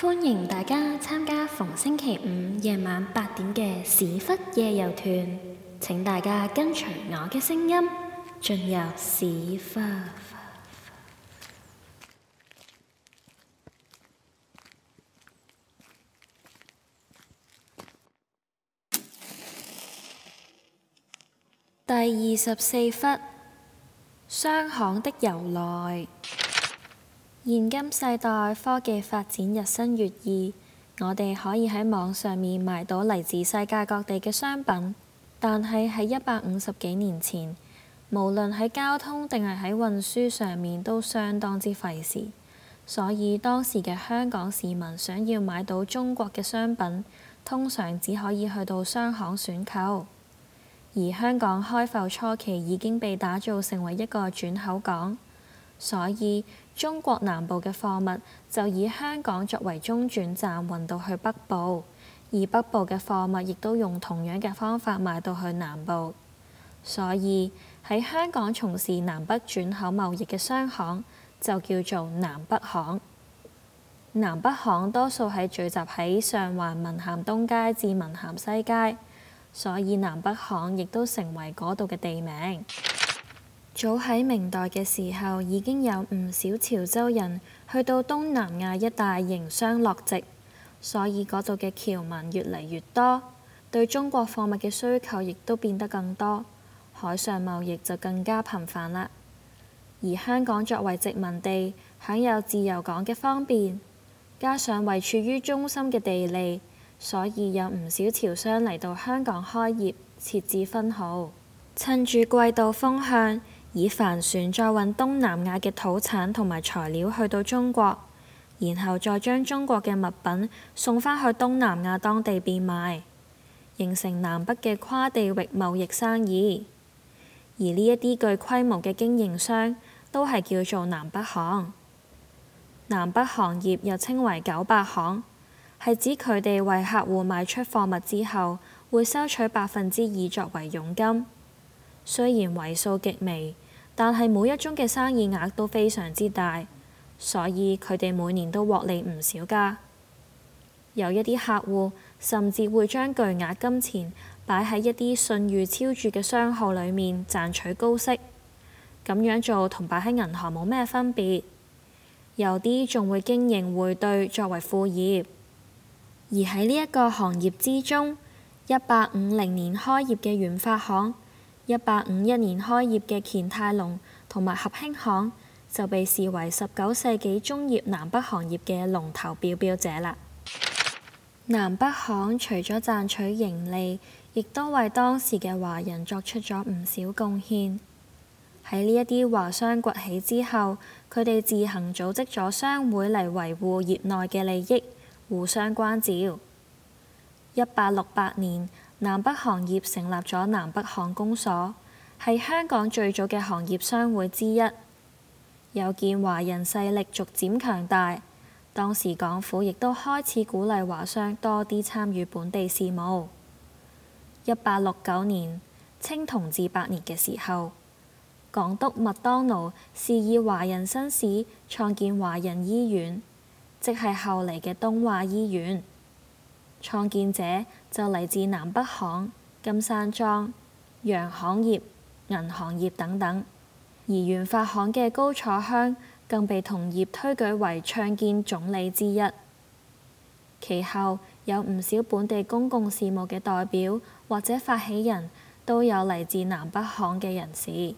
歡迎大家參加逢星期五夜晚八點嘅史窟夜遊團。請大家跟隨我嘅聲音進入史窟。 第二十四窟，商行的由來。現今世代科技發展日新月異，我哋可以喺網上面買到嚟自世界各地嘅商品。但係喺一百五十幾年前，無論喺交通定係喺運輸上面都相當之費事。所以當時嘅香港市民想要買到中國嘅商品，通常只可以去到商行選購。而香港開埠初期已經被打造成為一個轉口港，所以中國南部嘅貨物就以香港作為中轉站運到去北部，而北部嘅貨物亦都用同樣嘅方法賣到去南部。所以喺香港從事南北轉口貿易嘅商行就叫做南北行。南北行多數係聚集喺上環文咸東街至文咸西街，所以南北行亦都成為嗰度嘅地名。早喺明代嘅時候，已經有唔少潮州人去到東南亞一帶營商落籍，所以嗰度嘅僑民越嚟越多，對中國貨物嘅需求亦都變得更多，海上貿易就更加頻繁啦。而香港作為殖民地，享有自由港嘅方便，加上位處於中心嘅地利，所以有唔少潮商嚟到香港開業設置分號，趁住季度風向，以帆船再運東南亞嘅土產同埋材料去到中國，然後再將中國嘅物品送翻去東南亞當地變賣，形成南北嘅跨地域貿易生意。而呢一啲具規模嘅經營商都係叫做南北行。南北行業又稱為九百行，係指佢哋為客戶賣出貨物之後，會收取百分之二作為佣金。雖然為數極微，但係每一宗嘅生意額都非常之大，所以佢哋每年都獲利唔少㗎。有一啲客戶甚至會將巨額金錢擺喺一啲信譽昭著嘅商號裡面賺取高息，咁樣做同擺喺銀行冇咩分別。有啲仲會經營匯兌作為副業，而喺呢一個行業之中，一八五零年開業嘅元發行。一八五一年開業嘅乾泰隆同埋合興行就被視為十九世紀中葉南北行業嘅龍頭表表者啦。南北行除咗賺取盈利，亦都為當時嘅華人作出咗唔少貢獻。喺呢一啲華商崛起之後，佢哋自行組織咗商會嚟維護業內嘅利益，互相關照。一八六八年，南北行業成立咗南北行公所，係香港最早嘅行業商會之一。有見華人勢力逐漸強大，當時港府亦都開始鼓勵華商多啲參與本地事務。一八六九年，清同治八年嘅時候，港督麥當奴示意華人紳士創建華人醫院，即係後嚟嘅東華醫院。創建者就嚟自南北行、金山莊、洋行業、銀行業等等，而原發行嘅高楚香更被同業推舉為創建總理之一。其後有唔少本地公共事務嘅代表或者發起人都有嚟自南北行嘅人士。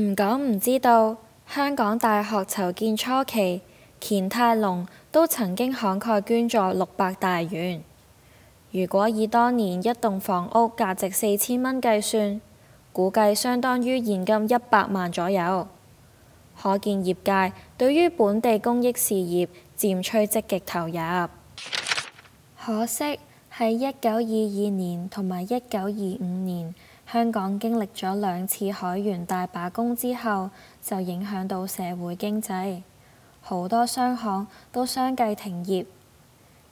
唔講唔知道，香港大學籌建初期，乾泰隆都曾經慷慨捐助六百大元。如果以當年一棟房屋價值四千蚊計算，估計相當於現金一百萬左右。可見業界對於本地公益事業漸趨積極投入。可惜喺一九二二年同埋一九二五年，香港經歷咗兩次海員大罷工之後，就影響到社會經濟，好多商行都相繼停業，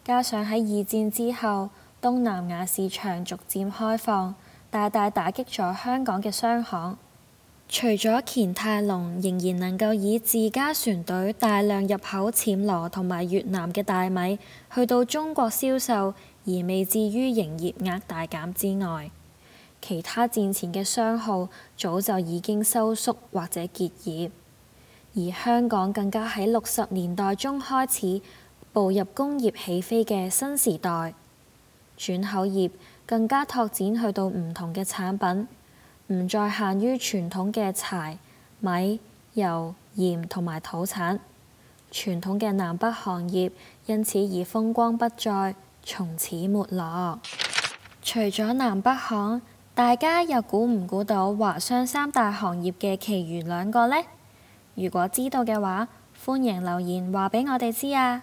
加上喺二戰之後。東南亞市場逐漸開放，大大打擊咗香港嘅商行。除咗乾泰隆仍然能夠以自家船隊大量入口暹羅同埋越南嘅大米去到中國銷售，而未至於營業額大減之外，其他戰前嘅商號早就已經收縮或者結業。而香港更加喺六十年代中開始步入工業起飛嘅新時代。轉口業更加拓展去到唔同嘅產品，唔再限於傳統嘅柴米油鹽同埋土產。傳統嘅南北行業因此而風光不再，從此沒落。除咗南北行，大家又估唔估到華商三大行業嘅其餘兩個呢？如果知道嘅話，歡迎留言話俾我哋知啊！